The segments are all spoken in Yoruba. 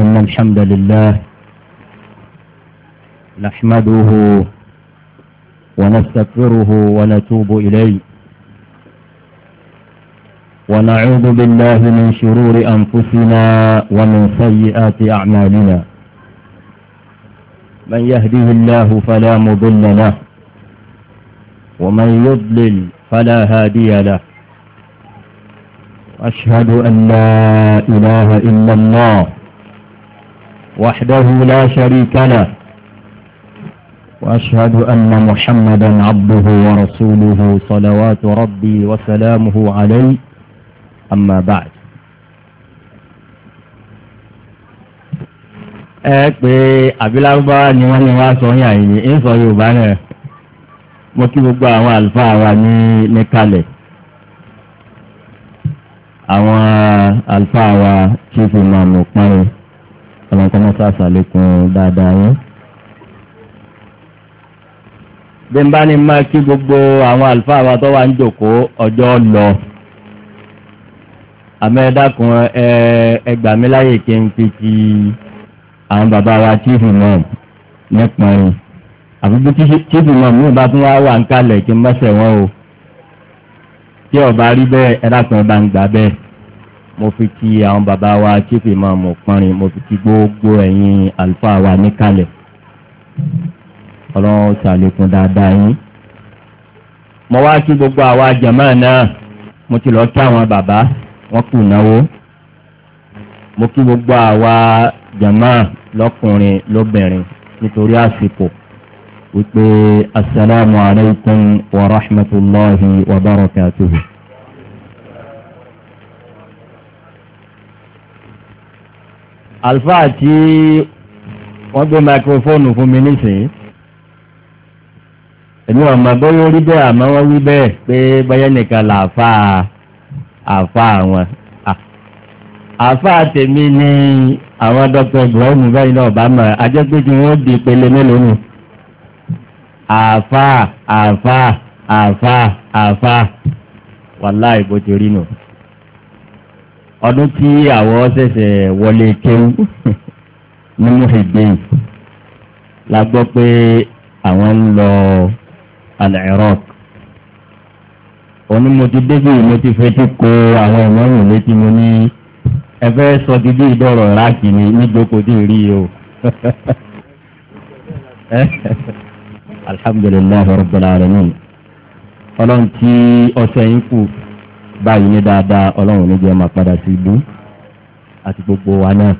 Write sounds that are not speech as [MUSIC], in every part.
إن الحمد لله نحمده ونستغفره ونتوب إليه ونعوذ بالله من شرور أنفسنا ومن سيئات أعمالنا من يهده الله فلا مضل له ومن يضلل فلا هادي له أشهد أن لا إله إلا الله وحده لا شريك له وأشهد أن محمدا عبده ورسوله صلوات ربي وسلامه عليه أما بعد ẹ pé àbílágbá ni wọ́n ní wá sọ yín àyìn ń sọ yorùbá náà mo kí gbogbo àwọn àlùfáà wa ní níkàlẹ̀ àwọn àlùfáà wa chief imam pọ́nrin ọlọ́nkọ́mọ́sá àṣàlékún dáadáa yẹn. bí n bá ní máa kí gbogbo àwọn àlùfáà wa tó wà ń jòkóó ọjọ́ lọ àmẹ́ẹ̀dàkùn ẹgbàmíláyè kí n fi ti àwọn bàbá wa chief imam nípọn rìn àbúgbó chief imam mi bá tún wá wà ń kalẹ̀ kí n mọ́sẹ̀ wọn o tí ọba rí bẹ́ẹ̀ ẹ̀dàkùn ọba ń gbà bẹ́ẹ̀ mo fi kí àwọn bàbá wa chief imam pọnrin mo fi kí gbogbo ẹ̀yin àlùfáà wa níkàlẹ̀ ọlọ́run ṣàlékún dáadáa yín. mo wá kí gbogbo àwa jàmáà náà mo ti lọ kí àwọn bàbá wọn kù náwó mo kí gbogbo àwa jàmáà lọ́kùnrin lóbìnrin nítorí àsìkò wípé asalaamualeykum wa rahmatulahi wa barakatuhu. àlùfáà tí wọ́n gbé máikrófóònù fún mi nísìnyí èmi wọn mọ̀ bóyá orí bẹ́ẹ̀ àmọ́ wọ́n wí bẹ́ẹ̀ pé bóyá nìkan là àfáà àfáà wọn àfáà tèmi ni àwọn dr ibrahim báyìí náà bá mọ̀ ajẹ́gbẹ́jì wọn di ìpele mélòó nù àfáà àfáà àfáà àfáà wàláì bó ti rí nù. No ọdún tí àwọ̀ ṣẹ̀ṣẹ̀ wọlé kéwú ní muhibbin la gbọ́ pé àwọn ń lọ al-Iraq òní mo ti débì mo ti fetí ko àwọn ìmọ̀ràn létí mo ní ẹ fẹ́ sọ dídí ìdọ̀rọ̀ iraki ni níjókòó tí ì rí o [LAUGHS] alhamdulillahi rabbil alamin ọlọ́run tí ọ̀sẹ̀ yín kù. báyìí ní dáadáa ọlọ́run ní jẹ́ máa padà sí àti gbogbo wa náà.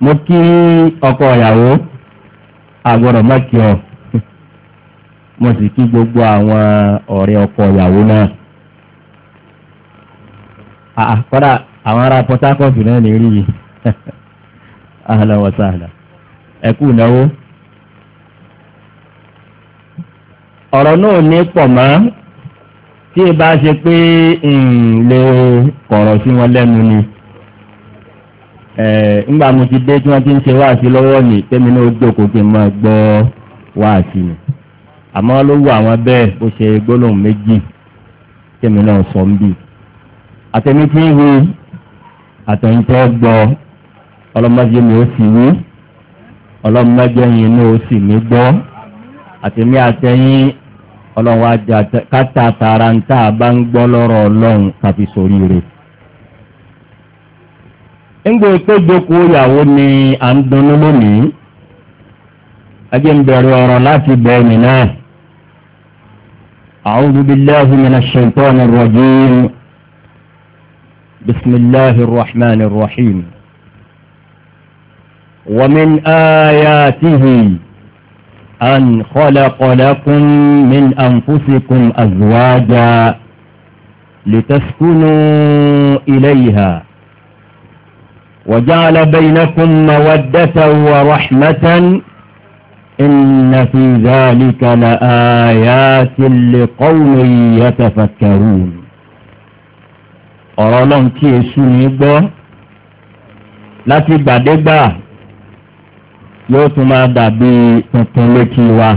mo kí ọkọ ìyàwó àgbọ̀dọ̀ má ọ mo sì kí gbogbo àwọn ọ̀rẹ́ ọkọ ìyàwó náà. àkọ́dà àwọn ará Port Harcourt náà ní rí yìí [LAUGHS] ìnáwó. ọ̀rọ̀ náà ní pọ̀ tí ì bá ṣe pé lè kọ̀rọ̀ sí wọn lẹ́nu ni ńgbà mo ti dé tí wọ́n ti ń ṣe wáàsí lọ́wọ́ ni tẹ́mi náà jókòó kí n máa gbọ́ wáàsí ni àmọ́ ló wù àwọn bẹ́ẹ̀ ó ṣe gbólóhùn méjì tẹ́mi náà sọ ń bì àtẹ̀mí tí ń hu àtẹ̀yìntẹ́ gbọ́ ọlọ́mọdé mi ó sì wí ọlọ́mọdé yìí ni ó sì mí gbọ́ àtẹ̀mí àtẹ̀yìn ọlọ́run wa jà káta tààrà ń tà bá ń gbọ́ lọ́rọ̀ ọlọ́run káfi sórí rẹ̀. ńgbò tó jókòó ìyàwó ni à ń dunnú lónìí ajé ń bẹ̀rẹ̀ ọ̀rọ̀ láti bẹ̀rẹ̀ nìyẹn. أعوذ بالله من الشيطان الرجيم بسم الله الرحمن الرحيم ومن آياته أن خلق لكم من أنفسكم أزواجا لتسكنوا إليها وجعل بينكم مودة ورحمة إن في ذلك لآيات لقوم يتفكرون قرانا ọlọ́run kí èṣù بعد yóò tún máa dàbí tuntun létí wa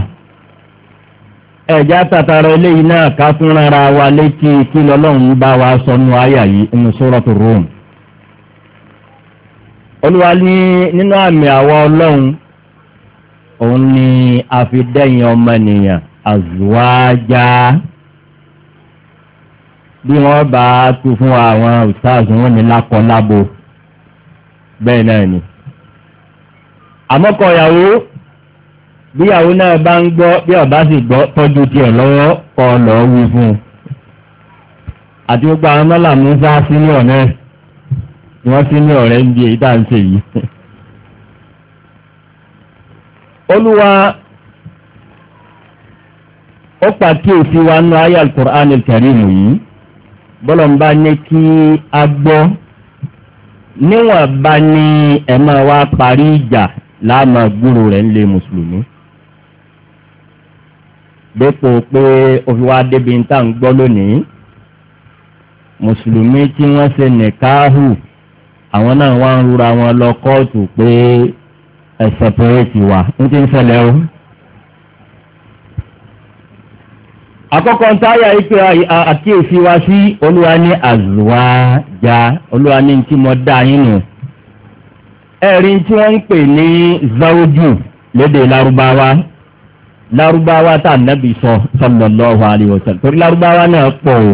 ẹ̀já tàtàrà eléyìí náà ká tún rárá wa létí kí lọ́lọ́run bá wa sọnù àyà yìí nínú sórọ́tò rome olúwa ní nínú àmì àwọ ọlọ́run òun ni a fi dẹ́yìn ọmọnìyàn àzùwájá bí wọ́n bá tu fún àwọn ustaz wọn ní lákọ̀ọ́ lábo bẹ́ẹ̀ náà ni. àmọ́kọ ìyàwó bí ìyàwó náà bá ń gbọ́ bí ọ̀bá sì gbọ́ tọ́jú tiẹ̀ lọ́wọ́ kọ́ lọ́ọ́ wí fún un àti gbogbo àwọn mọ́là musa sínú náà ni wọ́n sínú ọ̀rẹ́ ń bí èyí tá à ń ṣe yìí. olúwa ó pàkíyèsí wa nù ayé alukur'an karim yìí bọ́lọ̀ ń bá ní kí a gbọ́ níwọ̀n bá ní ẹ̀ máa wá parí ìjà láàmà gbúrò rẹ̀ ń lé mùsùlùmí dépò pé òfin wa débi ń tà ń gbọ́ lónìí mùsùlùmí tí wọ́n ṣe nìkáhù àwọn náà wá ń rúra wọn lọ kóòtù pé ẹ̀ sẹ̀pẹ̀rẹ̀tì wà ń ti ń ṣẹlẹ̀ o. àkọ́kọ́ ń táyà ipe àkíyèsí wa sí olúwa ní àzùwájá olúwa ní tí mo dá yín nù ẹ̀rí tí wọ́n ń pè ní zawju lédè lárúbáwá lárúbáwá tá a nàbì sọ sallallahu alaihi wasallam torí Larubawa náà pọ̀ o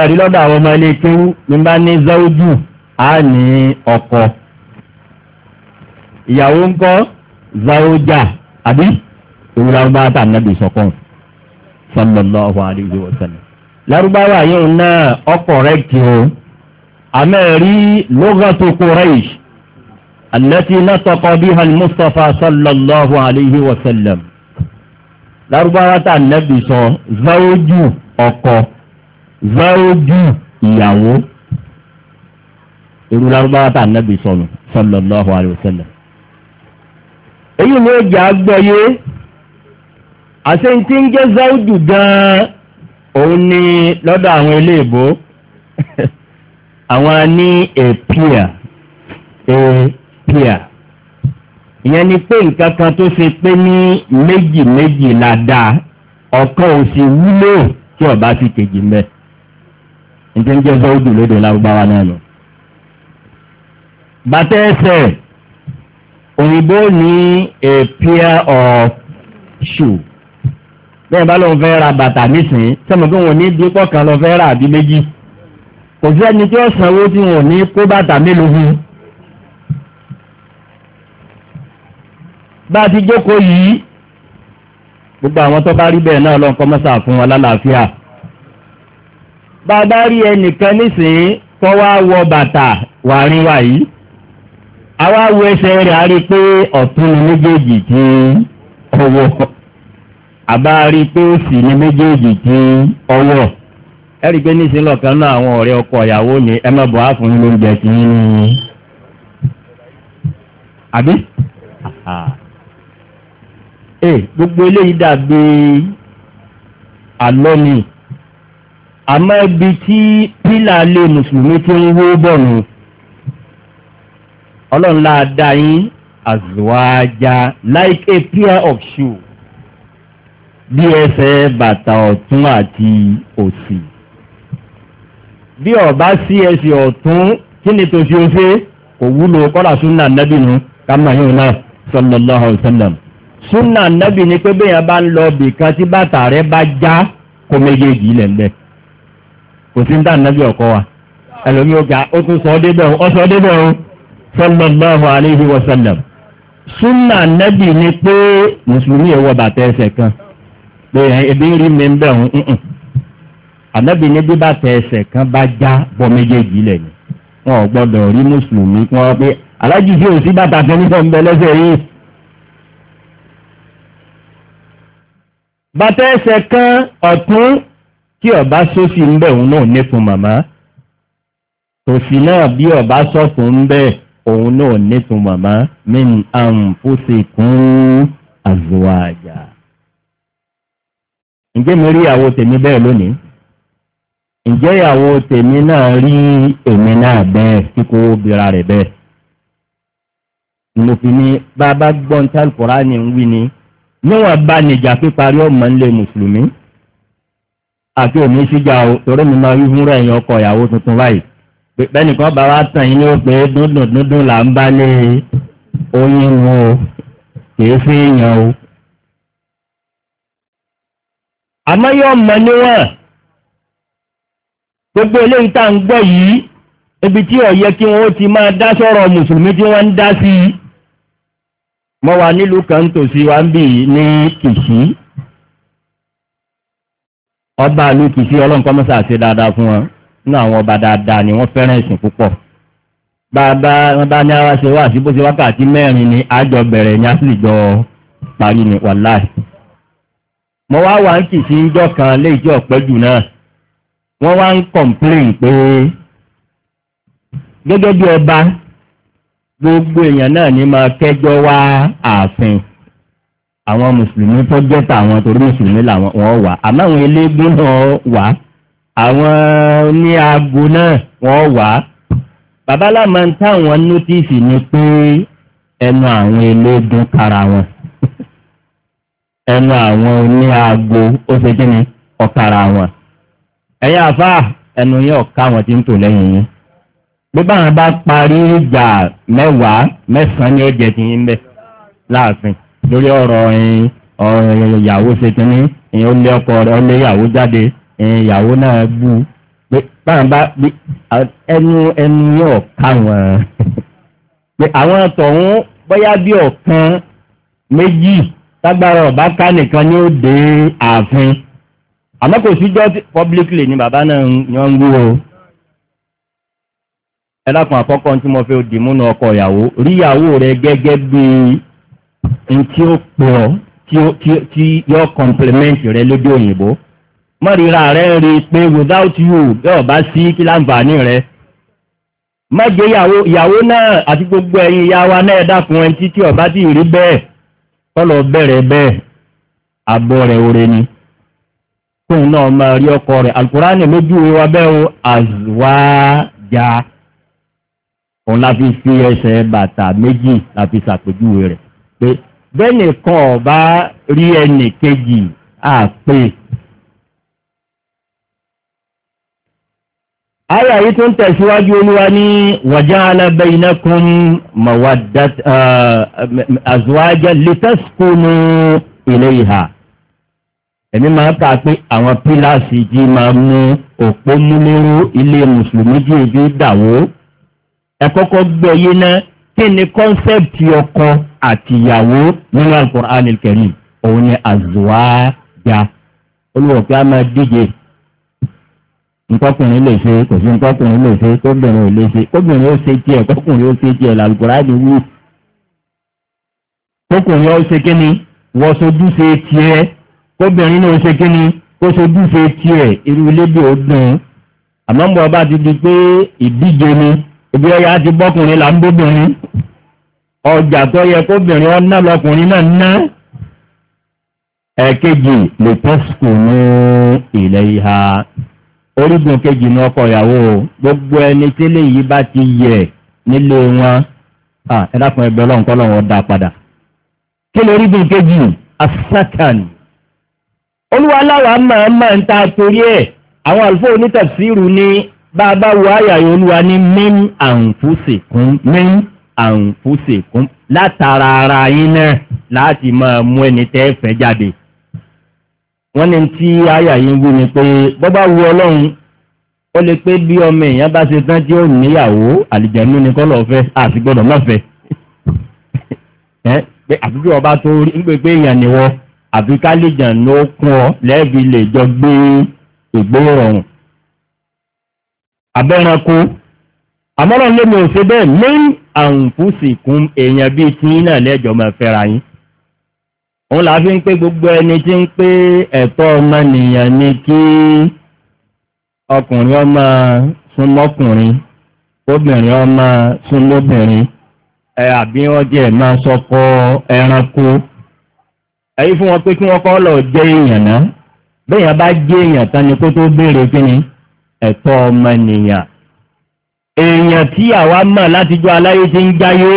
ẹ̀rí lọ́dọ̀ àwọn ọmọ ilé kéwú ní bá ní zawju á ní ọkọ ìyàwó ń kọ́ zawja àbí òun lárúbáwá tá a nàbì sọkàn sallallahu alaihi wasallam Larubawa yóò náà ọkọ̀ rẹ̀ kí o àmẹ́rí lógàtò kùrẹ́ìṣ àlẹ́tí látọkọ bí hàn mustapha sallallahu alayhi wa sallam lárúbáwá tá nẹ́bí sọ záwójú ọkọ záwójú ìyàwó irú lárúbáwá tá nẹ́bí sọnù sallallahu alayhi wa sallam èyí ló jẹ́ agbọ́yé àṣeyìntì ń jẹ́ záwójú gan-an òun ni lọ́dọ̀ àwọn ilé ìbò àwọn ní a peer a peer ìyẹn ni pé nǹkan kan tó ṣe pé ní méjì méjì la dá ọ̀kan ò sì wúlò tí ọba sì kejì mẹ́ níta ń jẹ́ sọ́ọ́dù lóde lárúbáwá náà nù. bàtà ẹsẹ̀ òyìnbó ní a peer of shoe bẹ́ẹ̀ bá lóun fẹ́ ra bàtà nísìnyí sọ́mọ́ pé wọn ò ní dípọ̀ kan lọ fẹ́ ra àbí méjì kò sẹ́ni tí ó sanwó tí wọn ò ní kó bàtà mélòó fún un. bá a ti jókòó yìí gbogbo àwọn tó bá rí bẹ́ẹ̀ náà lọ́nkọ́ mọ́sà fún wọn lálàáfíà. bá a bá rí ẹnìkan nísìnyí tó wá wọ bàtà wàárín wa yìí àwa wo ẹsẹ̀ rẹ̀ a rí i pé ọ̀tún ni méjèèjì tí ọwọ́ àbá rí i pé òsì ni méjèèjì tí ọwọ́ ẹ̀rí pé níṣẹ́ lọ́kàn náà àwọn ọ̀rẹ́ ọkọ ìyàwó ni ẹ má bọ̀ áfún ló ń jẹ sí i ní. àbí ee eh, gbogbo eléyìí dàbí àlọ́ ni àmọ́ ibi tí pílà lé mùsùlùmí ti ń wó bọ̀ nù ọlọ́run láà dá yín àzùwájà like a pair of shoe bí ẹsẹ̀ bàtà ọ̀tún àti òsì. bí ọba sí ẹsẹ̀ ọ̀tún kí ni tó ṣe ó ṣe kò wúlò kọ́lá súnà nẹ́bì nù kámà yóò náà sallallahu alaihi súnà nẹ́bì ni pé bá ń lọ tí bàtà rẹ bá já kó méjèèjì ilẹ̀ ńbẹ kò sí ń dá nẹ́bì ọkọ wa ẹlòmí ó tún sọ súnà ni pé mùsùlùmí kan ẹbí rí mi ń ànábì ní bíbá tẹ ẹsẹ̀ kan bá já bọ́ méjèèjì lẹ̀ ni wọn ò gbọ́dọ̀ rí mùsùlùmí kí wọ́n pé alájú sí òsì bàtà kan nígbà ń bẹ lẹ́sẹ̀ yìí. bàtà ẹsẹ̀ kan ọ̀tún tí ọba sósì ń bẹ̀ òun náà nífun màmá tòsí náà bí ọba sọ̀tún ń bẹ̀ òun náà nífun màmá min anfusikum azwaja. ǹjẹ́ mi rí ìyàwó tèmi bẹ́ẹ̀ lónìí ǹjẹ́ ìyàwó tèmi náà rí èmi náà bẹ́ẹ̀ tí kò bira rẹ̀ bẹ́ẹ̀. mo fi ní bàbá gbọ́n tí alukóraní ń wí ni níwọ̀n bá nìjà píparí ọmọ nílé mùsùlùmí àti òní síjà o torí mi máa wí fúnra ẹ̀yìn ọkọ ìyàwó tuntun báyìí pẹ̀pẹ́ nìkan bá wa tàn yín ní ó pé dúndùn dúndùn là ń bá lé oyin o kì fi yàn o. àmọ́ yóò mọ níwọ̀n gbogbo eléyìí tá à ń gbọ́ yìí ibi tí ó kí wọ́n ti máa dá sọ̀rọ̀ mùsùlùmí tí wọ́n ń dá sí i mo wà nílùú kan tòsí wa ń bì ní kìsì ọba ìlú kìsì ọlọ́nkọ́ mọ́sá ṣe dáadáa fún wọn nínú àwọn ọba dáadáa ni wọ́n fẹ́ràn ẹ̀sìn púpọ̀ bàbá wọn bá ní ara ṣe wá àti bó ṣe wákàtí mẹ́rin ni àjọ bẹ̀rẹ̀ ní àṣìjọ parí ni wàláì mo wá wà ń kìsì ń jọ kan léyìí tí ọ̀pẹ́ jù náà wọ́n wá ń kọ̀m̀plẹ̀n pé gẹ́gẹ́ bí ọba gbogbo èèyàn náà ní máa kẹ́jọ́ wá ààfin àwọn mùsùlùmí tó jẹ́ tàwọn torí mùsùlùmí làwọn wọ́n wà àmọ́ àwọn eléégún náà wà àwọn ní aago náà wọ́n wà babaláma ń táwọn nótìsì ni pé ẹnu àwọn eléégún kára wọn ẹnu àwọn oní aago ó ṣe kí ni ọ̀kára wọn. ẹ̀yin àfa ẹnu yẹn ọ̀ka àwọn tí ń tò lẹ́yìn yín bí báwọn bá parí ìjà mẹ́wàá mẹ́sàn-án ni ó jẹ ti yín bẹ́ láàfin lórí ọ̀rọ̀ ìyàwó ṣe kínní ìyẹn ó lé ọkọ rẹ̀ ó lé ìyàwó jáde ìyàwó náà bú pé báwọn bá ẹnu ẹnu yẹn ọ̀ka wọn pé àwọn tọ̀hún bóyá bí ọ̀kan méjì tágbára ọ̀bá ká nìkan ni ó dé ààfin. àmọ́ kò síjọ́ publicly ni bàbá náà ni wọ́n ń wú o ẹlákùn àkọ́kọ́ tí mo fi dì múnú ọkọ ìyàwó rí ìyàwó rẹ gẹ́gẹ́ bí n tí ó pọ̀ tí yọ compliment rẹ lójú òyìnbó mọ́rìíra rẹ rí i pé without you yóò bá sí kí láǹfààní rẹ mọ́jẹ́ ìyàwó náà àti gbogbo ẹ̀yin ìyá wa náà dákun ẹni títí ọ̀bá tí ì rí bẹ́ẹ̀ kọ́ lọ bẹ̀rẹ̀ bẹ́ẹ̀ àbọ̀ rẹ̀ òre ni tóun náà máa rí ọkọ rẹ̀ alukurani lójú wa bẹ́ẹ̀ o àzùwájà òun la fi fi ẹsẹ̀ bàtà méjì la fi ṣàpèjúwe rẹ̀ pé bẹ́ẹ̀ni kan ọba rí ẹnì kejì àpè. Aya yìí tó ń tẹ̀síwájú olúwa ní waja'ala bainakum mawaddat eh, azwajan litaskunu ilayha èmi máa kà pé àwọn pílàsì jí máa mú òpó múlẹ́rú ilé mùsùlùmí jí ojú dàwó ẹ kọ́kọ́ gbọ́ yé náà kí ni kọ́nsẹ́pì ọkọ àtìyàwó nínú alukur'an kẹrin òun ni àzùwájà olùwọ̀pẹ́ a máa díje nkọkùnrin lè ṣe kò sí nkọkùnrin lè ṣe kóbìnrin ò lè ṣe kóbìnrin ó ṣe tiẹ̀ kọkùnrin ó ṣe tiẹ̀ làlùkùránì wù kókùnrin ó ṣe kíni wọ́sọdúnṣe tiẹ̀ kóbìnrin náà ṣe kí ni kó ṣojúṣe tiẹ̀ irú ilé bí ó dùn àmọ́ bọ̀ bá ti di pé ìdíje ni ibi ọ̀yà ti bọ́kùnrin là ń bóbìnrin ọjà tó yẹ kóbìnrin ọ̀nà lọkùnrin náà ná ẹ̀kejì lè tẹ́sùkù ní ilẹ̀ ìhà orígun kejì ní ọkọ ìyàwó gbogbo ẹni tí léyìí bá ti yẹ nílé wọn ẹ dákun ẹgbẹ́ ọlọ́run kọ́ lọ́wọ́ dá padà kí lórígun kejì asákàní olúwa láwa máa máa ń ta torí ẹ̀ àwọn àlùfáà onítafsírù ní bá a bá wọ àyà yìí olúwa ní min anfusikum min anfusikum látara ara yín náà láti máa mú ẹni tẹ́ fẹ́ jáde wọ́n ní tí àyà yìí wí ni pé bọ́ wu ọlọ́run ó lè pé bí ọmọ èèyàn bá ṣe tán tí ó níyàwó àlìjẹ̀nu ni kọ́lọ̀ fẹ́ àti gbọ́dọ̀ má fẹ́ [LAUGHS] pé àtúntò ọba tó rí pé pé èèyàn ni wọ́n àfi ká lè jàn ní ó kún ọ lẹ́ẹ̀fi lè jọ gbé ìgbóòrùn abẹ́ranko àmọ́ràn lèmi ò ṣe bẹ́ẹ̀ ní àǹfùsìkún èèyàn bíi tí náà lẹ́jọ́ máa fẹ́ra yín òun là á fi ń pé gbogbo ẹni tí ń pé ẹ̀tọ́ ọmọnìyàn ni kí ọkùnrin ọmọ súnmọ́kùnrin obìnrin ọmọ súnmọ́bìnrin àbí wọ́n jẹ́ máa sọkọ ẹranko ẹ̀yí fún wọn pé kí wọ́n kọ́ lọ jẹ́ èèyàn náà bẹ́ẹ̀yàn bá jẹ́ èèyàn tán ni kó tó béèrè kí ni ẹ̀tọ́ ọmọnìyàn èèyàn tí àwa mọ̀ látijọ́ aláyé ti ń jáyé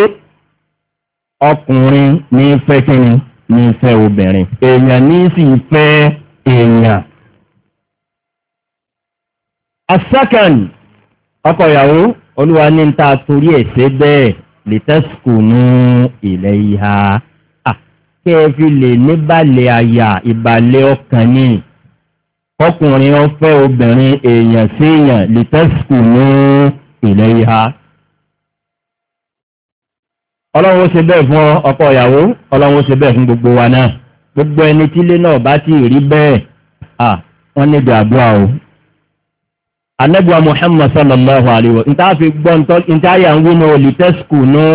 ọkùnrin ní fẹ́ kí ni ní fẹ́ obìnrin èèyàn ní sì fẹ́ èèyàn. asakan ọkọ ìyàwó olúwa ní ta torí ẹ̀ ṣe bẹ́ẹ̀ lè tẹ́sùkù ní ilẹ̀ ìhà kí ẹ fi lè níbàlẹ̀ àyà ìbàlẹ̀ ọkàn ni ọkùnrin ọfẹ́ obìnrin èèyàn sí èèyàn lè tẹ́sìkù ní ilẹ̀ ìhà ọlọ́run ó ṣe bẹ́ẹ̀ fún ọkọ ìyàwó ọlọ́run ó ṣe bẹ́ẹ̀ fún gbogbo wa náà gbogbo ẹni tílé náà bá ti rí bẹ́ẹ̀ wọ́n níbi àdúrà o anẹ́bùwa muhammad sallallahu alayhi wa n ta fi gbọ́ n ta yà ń wí ní olùtẹ́sìkù ní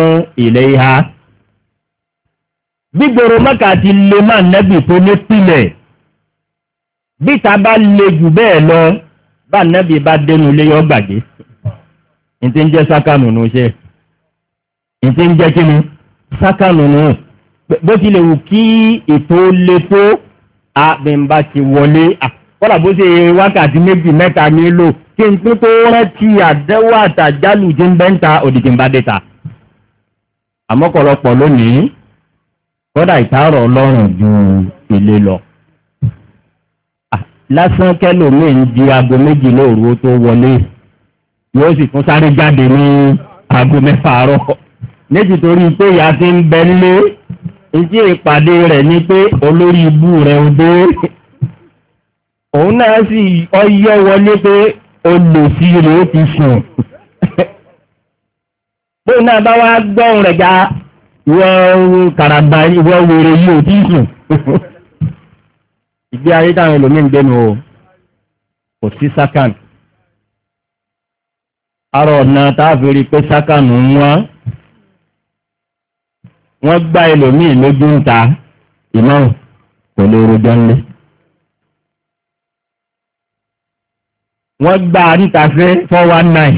ilẹ̀ ìhà gbígboro mọ́kà ti lè máa nẹ́bì tó ní pilẹ̀ bíta bá le jù bẹ́ẹ̀ lọ bá nẹ́bì bá dénú lé yọ gbàgbé ní ti ń jẹ́ sákànùnú ṣe ní ti ń jẹ́ kí ni sákànùnú bó tilẹ̀ wù kí ètò le tó àbẹ̀ǹbà ti wọlé kọ́là bó ṣe wákàtí méjì mẹ́ta nílò kí n tún tó rántí àdẹ́wò àtàjálù jẹ́ ń bẹ́ńta òdìjìnbádẹ́ta àmọ́kọ̀lọpọ̀ lónìí kódà ìtààrọ̀ ọlọ́run ju ilé lọ. Ah, lásán kẹlòmíì ń di aago méjì lóru tó wọlé yóò sì tún sáré jáde ní aago mẹ́fà àárọ̀ méjì torí pé ìyá ti ń bẹ nílé ìdí ìpàdé rẹ̀ ni pé olórí ibú rẹ̀ ò dé òun náà sì ọyọ wọlé pé olùsí rẹ̀ ó ti sùn [LAUGHS] bóun náà bá wá gbọ́ rẹ̀ já wọ́n karaba wọ́n wèrè yìí ò tí sùn ìgbé ayé táwọn ẹlòmíín gbénu o kò sí sákàn arọ ọ̀nà táàfìrí pé sákàn ń wọ́n wọ́n gbá ẹlòmíín lójú ń ta ìmọ̀ràn kò lè rojọ́ ńlẹ̀. wọ́n gbá àríta four one nine.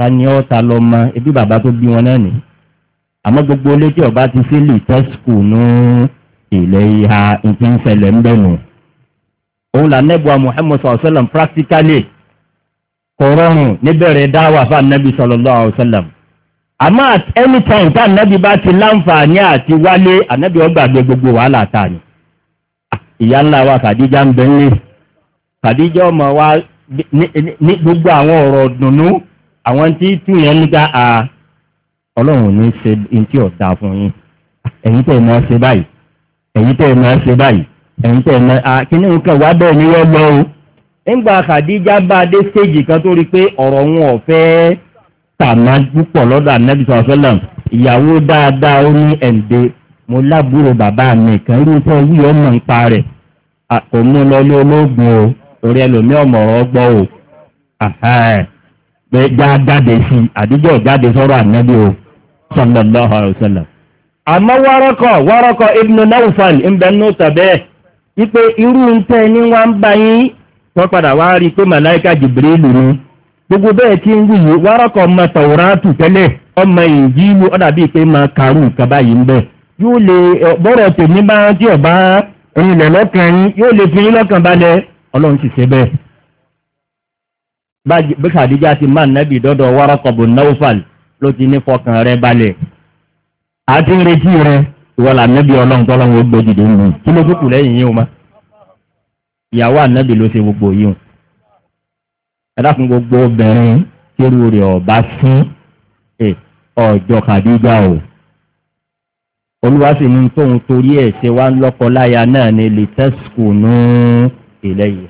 ta ni ọ́ ta lọ mọ ebi bàbá tó bí wọn náà nì àmọ́ gbogbo létí ọba ti fílì tẹ́sùkù ní ilẹ̀ ìhà ìpín ìṣẹ̀lẹ̀ ń bẹ̀ nù. òun là nẹ́bùa muhammed sọ̀rọ̀sọ̀lọ̀m practically kò rọrùn níbẹ̀rẹ̀ dáwà fún anabi sọ̀rọ̀lọ́ ọ̀sọ̀lọ̀m. àmọ́ at any time tá anabi bá ti láǹfààní àti wálé anabi ọgbàgbé gbogbo wàhálà ta ni. ìyá ńlá wa kàdíjà ń bẹ́ńlẹ̀ kàdíjà ọmọ wa ní gbogbo àwọn ọ̀rọ̀ dùnú àwọn tí tú yẹn nígbà a ah, ọlọ́run ò ní ṣe ní tí ọ̀tá fún yín ẹ̀yin tẹ̀ máa ṣe báyìí ẹ̀yin tẹ̀ máa ṣe báyìí ẹ̀yin tẹ̀ máa a ah, kí ní wá bẹ́ẹ̀ ni wọ́n lọ o nígbà Khadija bá a dé stéèjì kan tó rí i pé ọ̀rọ̀ wọn ò fẹ́ tàmá púpọ̀ lọ́dọ̀ Ànábì sallallahu alaihi wasallam ìyàwó dáadáa ó ní ẹ̀ǹde mo lábúrò bàbá mi kan irú tẹ́ yí ọmọ ń pa rẹ̀ kò mú lọ ní olóògùn o torí ẹlòmí ọmọ o pé já jáde sí àdúgbò jáde sọ́rọ̀ ànábì o sallallahu alayhi àmọ́ wárọ́kọ̀ wárọ́kọ̀ ibnu nawfal ìbẹ̀nú tàbẹ́ wípé irú ń tẹ́ wọ́n ń bá yín padà wá rí i pé màláìka gbogbo bẹ́ẹ̀ tí ń wuyì wárọ́kọ̀ ọmọ tàwùrátù tẹ́lẹ̀ ọmọ ìjìlú ọ̀dà bíi pé máa karùn nǹkan báyìí ń bẹ̀ yóò lè bọ́rọ̀ tèmi bá tí bí kàdíjà ti máa nẹ́bì dọ́dọ̀ wárọ́kọ̀bù náufal ló ti ní fọkàn rẹ balẹ̀ àti ń retí rẹ ìwọ là nẹ́bì ọlọ́run tọ́lọ́run ó gbójìdè ń bù kí ló tó kù lẹ́yìn yìí o ma ìyàwó ànẹ́bì ló ṣe gbogbo yìí o ẹ dákun gbogbo obìnrin kérú rẹ̀ ọ̀bá fún ọjọ́ kàdíjà o olúwa sì ní tóun torí ẹ̀ ṣe wá ń lọ́kọ láya náà ni lè tẹ́sùkù ní ilẹ̀ yìí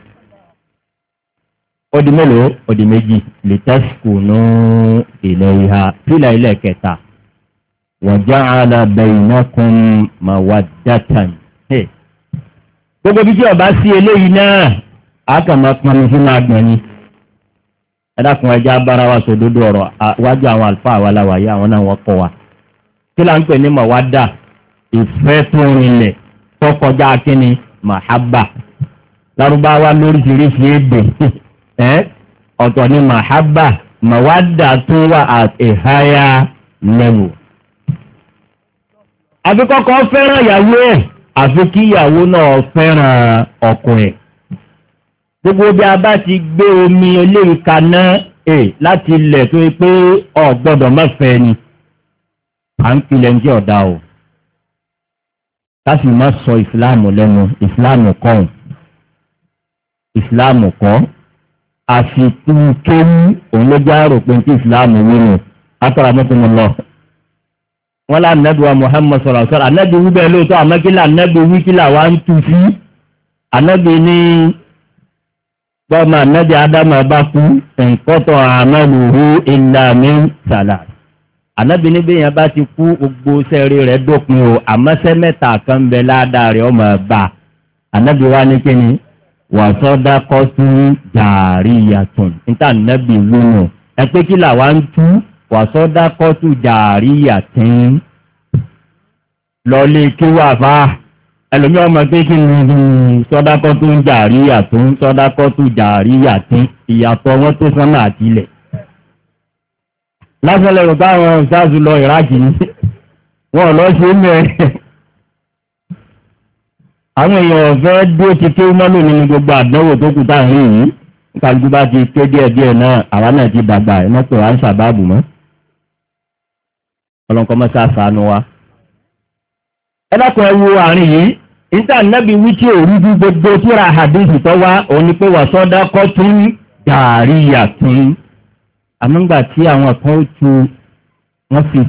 ọdún mélòó ọdún méjì lè tẹ́sùkù ní ilẹ̀ ìhà pílẹ̀ ilẹ̀ kẹta wọ̀já alábẹ̀yìnákun mawadatan. gbogbo bí tí ọba sí eléyìí náà a kàn máa pọnmi fún máa gbọ̀n ni ẹ̀dàkùn ẹja bára wa sòdodo ọ̀rọ̀ wájú àwọn àlùfáà wa láwàyé àwọn náà wọ́n kọ́ wa kí là ń pè ní mawada ìfẹ́ tó rinlẹ̀ tó kọjá kínní mahaba lárúbáwá lóríṣiríṣi èdè [LAUGHS] ẹ́ eh? ọ̀tọ̀ ni mahaba mawada tún wà at a higher level. àfikọ́kọ́ fẹ́ràn ìyàwó ẹ̀ àfi kí ìyàwó náà fẹ́ràn ọkọ ẹ̀. gbogbo bí a bá ti gbé omi eléyìí kaná e láti ilẹ̀ tó pé ọ̀ gbọ́dọ̀ fẹ́ ni à ń pilẹ̀ ń ọ̀dá o láti má sọ ìsìláàmù lẹ́nu ìsìláàmù kọ́ ìsìláàmù kọ́ àsìkò kéwú òun ló já rò pé ní islam wí nù atọ́ra mọ́tòmọ́ lọ. wọ́n lá ànábì wa muhammad sọ̀rọ̀ sọ̀rọ̀ ànábì wí bẹ́ẹ̀ lóòótọ́ àmọ́ kí là ànábì wí kí là wá ń tu sí. ànábì ní bọ́ọ̀mù ànábì ádámù bá kú ẹ̀ńkọ́tọ̀ àmàlùhù ìlàmì sàlà. ànábì ní bẹ́ẹ̀ yẹn bá ti kú gbogbo sẹ́ẹ̀rì rẹ̀ dópin o àmọ́sẹ́ mẹ́ta kan bẹ ládàá rẹ̀ ọmọ ẹ̀ bá wa ní kíni wàsọ́dá kọ́ sí jàrí yàtọ̀ níta nẹ́bí lónà ẹ pé kí làwa ń tú wàsọ́dá kọ́ sí jàrí yàtọ̀ lọ́lé kí wà fà ẹlòmí ọmọ pé kí ni sọ́dá kọ́ tó ń jàrí yàtọ̀ sọ́dá kọ́ tó jàrí yàtọ̀ ìyàtọ̀ wọn tó sánmà àti ilẹ̀ lásán lẹ́rù báwọn ṣáàzù lọ ìrájì ni wọn lọ ṣe é mẹ́rin. àwọn èèyàn ọ̀fẹ́ dúró ti pé wọ́n lónìí ní gbogbo àdánwò tó kù bá ti pé díẹ̀ díẹ̀ náà àwa náà ti dàgbà ẹ̀ mọ́tò à ń mọ́ ọlọ́nkọ́ mọ́ sá sànú wa. ẹ dákun ẹ wo àárín yìí níta wí tí òru gbogbo tó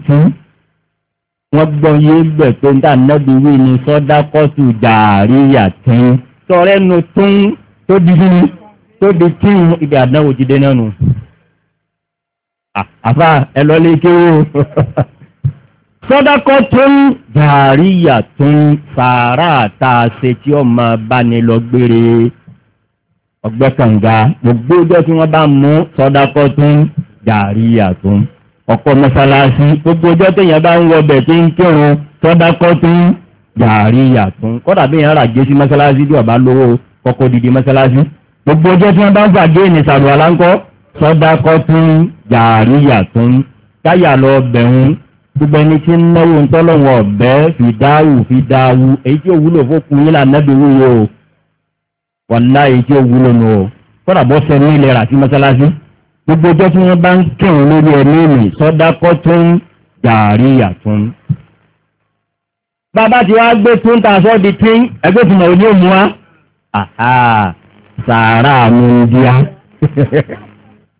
wọ́n gbọ́ yé bẹ̀ pé ń tà nẹ́bí wí ni sọ́dá kọ́sù jàárí yàtẹ́ tọrẹ́ nu tún tó di kí ni tó di kí ibi àdánwò ti náà nù. àfa ẹ lọ lé kéwò [LAUGHS] sọ́dá kọ́ tún jàárí yàtún sàárà tá a ṣe tí ó máa bá ní lọ gbére ọgbẹ́ kànga gbogbo ọjọ́ tí wọ́n bá mú sọ́dá kọ́ tún jàárí yàtún ọ̀pọ̀ mọ́sálásí gbogbo ọjọ́ téèyàn bá ń wọbẹ̀ tí ń kírun tọ́dákọ́ tí ń gàárì yàtún kọ́dà bí yẹn ràgé sí mọ́sálásí bí ọ̀bá lówó kọ́kọ́ dìde mọ́sálásí gbogbo ọjọ́ tí wọ́n bá gbàgé ní sàrùwà láńkọ́ tọ́dákọ́ tí ń gàárì yàtún káyà lọ bẹ̀rùn gbogbo ẹni tí ń náwó ń tọ́lọ́wọ́ ọ̀bẹ́ fìdáwù fìdáwù èyí tí ò wúlò fókun gbogbo ọjọ́ tí wọ́n bá ń kírun lórí ẹ̀mí mi sọ́dákọ́ tó ń gàárí yàtún. bàbá tí wàá gbé tún ta sọ́ di tí ẹgbẹ́ tí màá ní òmù wa sàárà múndíá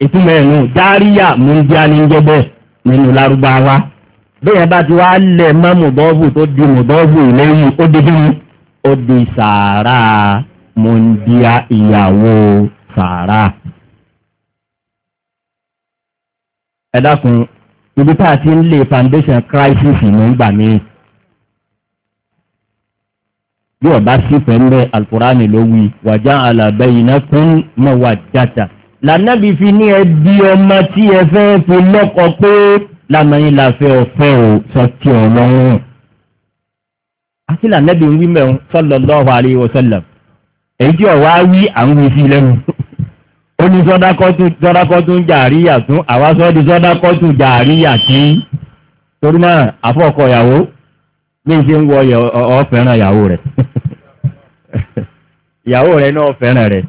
ìtumọ̀ ẹ̀nu dáríyà múndíá ní jẹ́bẹ̀ nínú lárúbáwá bẹ́ẹ̀ bá ti wá lẹ̀ mọ́ mùdọ́fù tó di mùdọ́fù lẹ́yìn ó di bí ó di sàárà múndíá ìyàwó sàárà. ẹ dákun ibi tá a ti ń lé foundation crisis nígbà míì bí ọba sí pẹ̀lú alukurani ló wí wàjà alàbẹ̀yìnà fún mawaddata lànàbí fi ní ẹbí ọmọ tí ẹ fẹ́ fi lọ́kọ̀ pé lamẹ́yìn la fẹ́ ọ̀fẹ́ o sọtí ọlọ́run àti lànàbí ń wí mẹ́rin sallallahu alaihi wasallam èyí tí ọ̀wá wí àwọn ìfi lẹ́nu ó ní sọ́dákọ́tún jàríyà tún àwásọ́ di sọ́dákọ́tún jàríyà tí torí náà àfọ́kọ̀ ìyàwó ní ṣe ń wọ ọ̀fẹ́ràn ìyàwó rẹ̀ [LAUGHS] ìyàwó rẹ̀ náà fẹ́ràn rẹ̀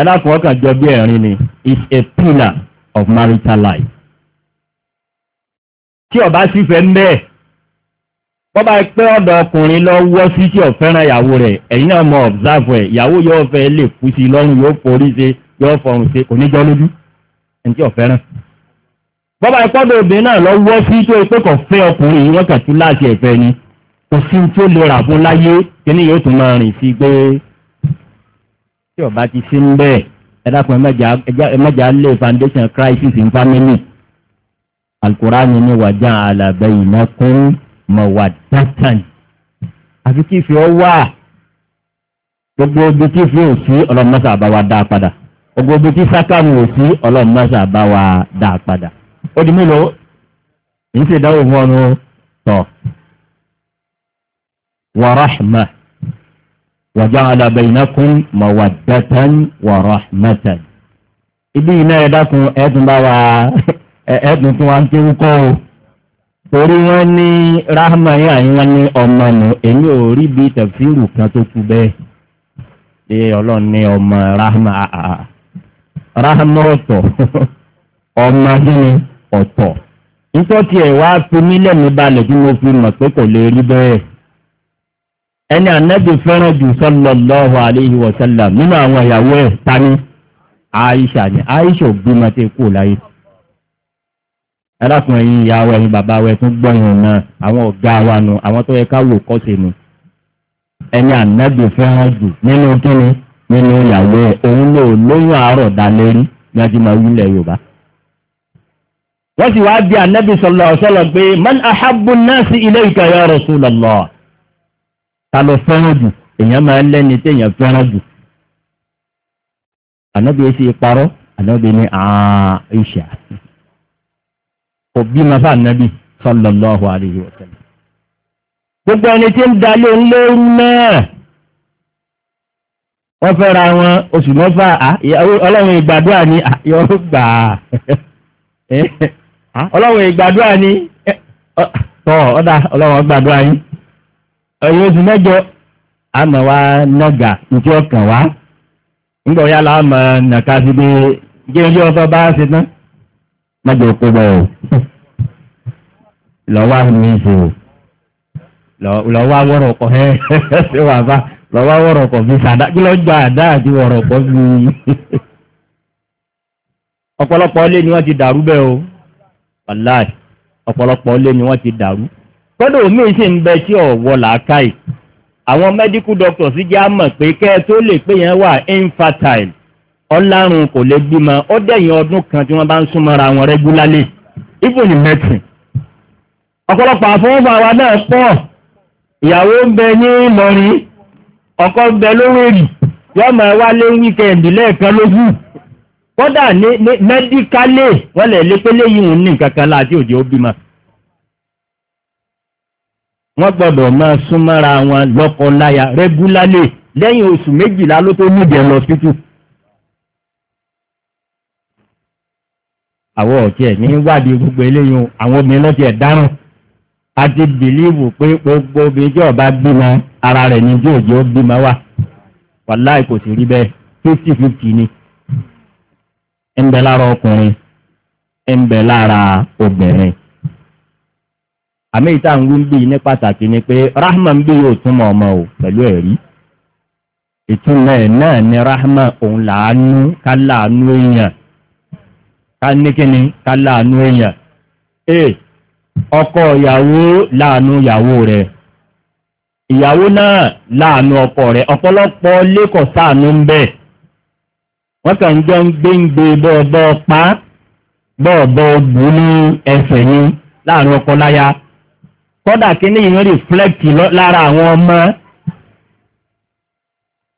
ẹlákùn ọkàn jọ bí ẹ̀rin ni is a pillar of marital life tí ọba sì fẹ́ ń bẹ́ẹ̀ bọ́bá pẹ́ ọ̀dọ̀ ọkùnrin lọ wọ́ sí tí ọ̀fẹ́ràn ìyàwó rẹ̀ ẹ̀yin náà mọ̀ observe ẹ̀ ìyàwó yóò fẹ́ lè kú sí lọ́rùn yóò forí ṣe yóò fọrùn ṣe kò ní jọ lójú ẹni tí ò fẹ́ràn. bọ́bá ìpọ́dọ̀ obìnrin náà lọ wọ́ sí tó pé kò fẹ́ ọkùnrin yìí wọ́n kà sí láti ẹ̀fẹ́ ni kò sí tí ó lè rà fún láyé kíní yóò tún máa rìn sí pé tí ọba ti sí ń bẹ́ẹ̀ ẹ dákun ẹ mẹ́jà lé foundation crisis in family alukurani ni wàjà alàbẹ̀ ìnákún mọ̀wádàtàn àfi kí ìfẹ́ ọ wà gbogbo ibi tí ìfẹ́ ò sí ọlọ́mọ́sà àbáwá dá padà gbogbo tí sákàmù ò sí ọlọ́run mọ́sà bá wa dá a padà ó di mélòó ń ṣe dáwọ́ fún ọnu tọ̀ wàràhmà wàjà alábẹ̀yìnàkùn mọ̀wàdàtàn wàràhmàtàn ibi iná ẹ̀ dákun ẹ̀ẹ́dùn bá wa ẹ̀ẹ́dùn tí wọ́n ti ń kọ́ o torí wọ́n ní rahma yẹn àyíwọ́n ní ọmọ nù èmi ò rí bíi tẹ̀fíìrù kan tó kú bẹ́ẹ̀ ṣé ọlọ́run ní ọmọ rahma àà rahama [LAUGHS] ọ̀tọ̀ ọmọ gíní ọ̀tọ̀ nítorí ẹ̀ wá fi mí lẹ́nu balẹ̀ bí mo fi mọ̀ pé kò lè rí bẹ́ẹ̀ ẹni ànábì fẹ́ràn jù sallallahu alayhi wa sallam nínú àwọn ìyàwó ẹ̀ tani aisha ni aisha ò bímọ tẹ kú láyé ẹlẹ́kùn ẹ̀yin ìyàwó ẹ̀yin bàbá wa ẹ̀ tún gbọ́yìn náà àwọn ọ̀gá wa nu àwọn tó yẹ ká wò kọ́ sí ẹni ànábì fẹ́ràn jù nínú kíni nínú ìyàwó ẹ̀ òun lò lóyún àárọ̀ dalẹ́rí ní a ti máa wí ilẹ̀ yorùbá. wọ́n sì wáá bí anábì sallallahu alaihi wasallam pé man ahabbu an-nasi ilayka ya Rasulullah ta ló fẹ́ràn jù èèyàn máa ń lẹ́ni téèyàn fẹ́ràn jù. anábì yẹn sì parọ́ anábì ní Aisha òbí ma fà anábì sallallahu alaihi wasallam. gbogbo ẹni tí ń dalẹ́ ńlẹ́rú náà. wọ́n fẹ́ ra wọn oṣù mẹ́fà ọlọ́run ìgbàdúrà ni yọ gbà á [LAUGHS] ọlọ́run ìgbàdúrà ni tọ́ ọ̀dà ọlọ́run ìgbàdúrà yín ẹ̀yìn oṣù mẹ́jọ àmọ̀ wa nàgà nítí ọkàn wa ńgbọ̀ ya la nàka sí pé bá ṣe tán mẹ́jọ kó bọ̀ lọ́wọ́ kọ́ ẹ́ ṣe wà bá. lọ́wọ́ wọ̀rọ̀kọ̀ fi sàdá kí lọ́jọ́ àdá àti wọ̀rọ̀kọ̀ ọ̀pọ̀lọpọ̀ ilé ni ti dàrú bẹ́ẹ̀ o wàláì ọ̀pọ̀lọpọ̀ ilé ni wọ́n ti dàrú kọ́dọ̀ omi ń bẹ tí ọ̀wọ́ àwọn medical doctors jẹ́ àmọ̀ pé kẹ́ ẹ tó lè pé yẹn wà infertile kò lè kan tí wọ́n bá ń wọn regularly even in medicine ọ̀pọ̀lọpọ̀ náà pọ̀ ìyàwó ń bẹ ní ọ̀kọ́ ń bẹ lówèrì yọ́ máa wá lé wíkẹ̀ndì lẹ́ẹ̀kan lójú kódà ní mẹ́díkálẹ̀ wọ́n lè lé pélé yìí ní nǹkan kan láti òjò bímọ. wọ́n gbọ́dọ̀ máa súnmọ́ra wọn lọ́kọ láya rẹ́gúlálẹ̀ lẹ́yìn oṣù méjìlá ló tó níjẹ̀ lọ tútù. àwọn ọ̀tí ẹ̀ ní wádìí gbogbo eléyìí àwọn obìnrin lọ́tí ẹ̀ dáràn àti bìlíìvù pé gbogbo obìnrin tí ọba bímọ ara rẹ̀ ní bí òjò bímọ wà wàláì kò rí bẹ́ẹ̀ fifty ni lára ọkùnrin ń lára obìnrin àmì ìta ń wí bí ní pàtàkì ni pé rahman bí yóò túmọ̀ ọmọ o pẹ̀lú ẹ̀rí ìtumọ̀ ẹ̀ náà ni rahman òun làánú ká èèyàn ká ká èèyàn ìyàwó náà láàánú ọkọ rẹ̀ ọ̀pọ̀lọpọ̀ lẹ́kọ̀ọ́ sáànú ń bẹ̀ wọ́n kàn ń jọ ń gbéǹgbé bọ́ọ̀bọ́ pa bọ́ọ̀bọ́ bù ní ẹsẹ̀ ni láàánú ọkọ láya kọ́dà kínní yìí reflect lára àwọn ọmọ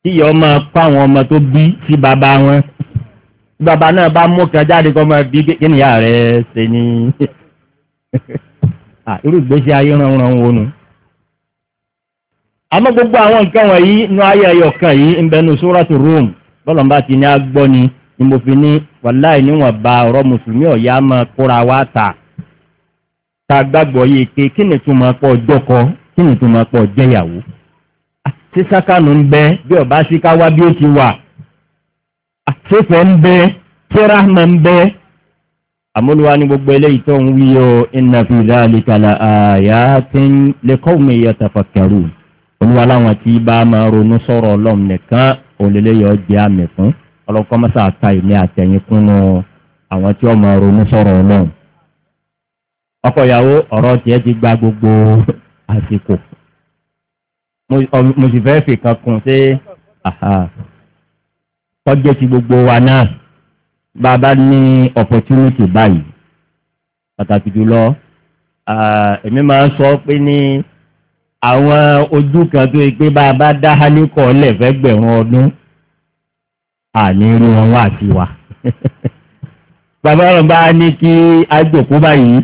tíyẹ ọmọ pa àwọn ọmọ tó bí sí bàbá wọn bí bàbá náà bá mú kan jáde kọ́ ọmọ bí kíníyà rẹ̀ ṣe ni [LAUGHS] irú ìgbésí ayé rán rán wọnú àmọ́ gbogbo àwọn nǹkan wọ̀nyí inú ayé ẹyọ kan yìí ń bẹnu sóràtù Rum bọ́lọ̀mbá ti ní agbọ́ ni ni mo fi ní wàláì níwọ̀n ba ọ̀rọ̀ mùsùlùmí ọ̀yá máa kóra wá ta ta gbàgbọ́ yìí pé kí ni tún máa pọ̀ jọkọ kí ni tún máa pọ̀ jẹyàwó ṣé sákànù ń bẹ bí ọba sí ká wá bí ó ti wà ṣéfẹ̀ ń bẹ ṣérahmà ń bẹ àmúlùwà ní gbogbo eléyìí tó ń wí o inna fi dhalika la ayatin liqawmin yatafakkarun olúwa láwọn tí bá máa ronú sọ̀rọ̀ ọlọ́run nìkan òlélẹ́yọ̀ jẹ́ àmì fún ọlọ́kọ́ mọ́sà ta ìní àtẹ̀yìn kúnnú àwọn tí ó máa ronú sọ̀rọ̀ ọlọ́run. ọkọ ìyàwó ọ̀rọ̀ tiẹ̀ ti gba gbogbo àsìkò mo sì fẹ́ fi kan kún sí kọjẹ́ ti gbogbo wa náà bá a bá ní opportunity báyìí pàtàkì jùlọ èmi máa ń sọ pé ní àwọn ojú kan tó yẹ pé bá a bá dá hálíkọ̀ lẹ́fẹ̀gbẹ̀rún ọdún àní rí wọn wá sí wa. [LAUGHS] bàbá rẹ̀ bá ní kí àjòkó báyìí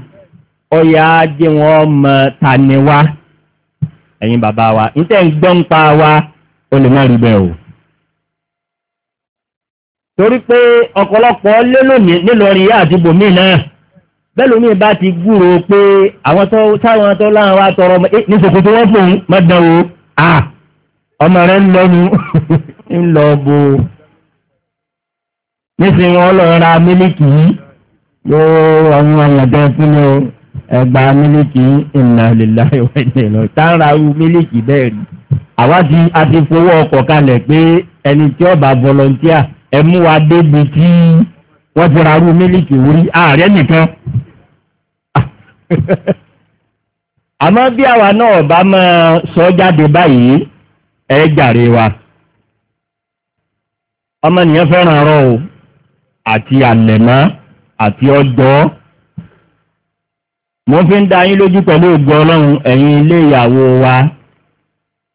ọ̀yà jẹ́ wọn mọ tani wá ẹ̀yin bàbá wa níta ń gbọ́n pa wa ó lè má rí bẹ́ẹ̀ o. torí pé ọ̀pọ̀lọpọ̀ lélòmí nílọrin àti bòmí náà bẹ́ẹ̀ lómi bá ti gbúrò pé àwọn tó sáwọn tó láwọn wá tọrọ ọmọ eh, ní sòkò tó wọ́n fòun má o à ọmọ rẹ ń lọnu [LAUGHS] ń lọ bo nísìnyí wọn lọ ra mílíkì yóò àwọn àyàdẹ fúnni ẹgbà mílíkì inna lillahi wa inna ilaihi tára ru mílíkì bẹ́ẹ̀ rí àwa ti a ti fowó ọkọ̀ kalẹ̀ pé ẹni tí ó bá volunteer ẹ mú wa débi tí wọ́n ti ra arú mílíkì wúrí ààrẹ nìkan. àmọ́ bí àwa náà bá máa sọ jáde báyìí ẹ jàre wa ọmọnìyàn fẹ́ràn arọ o àti àlẹ̀mọ́ àti ọjọ́ mo fi ń da yín lójú pẹ̀lú ògùn ọlọ́run ẹ̀yin ilé ìyàwó wa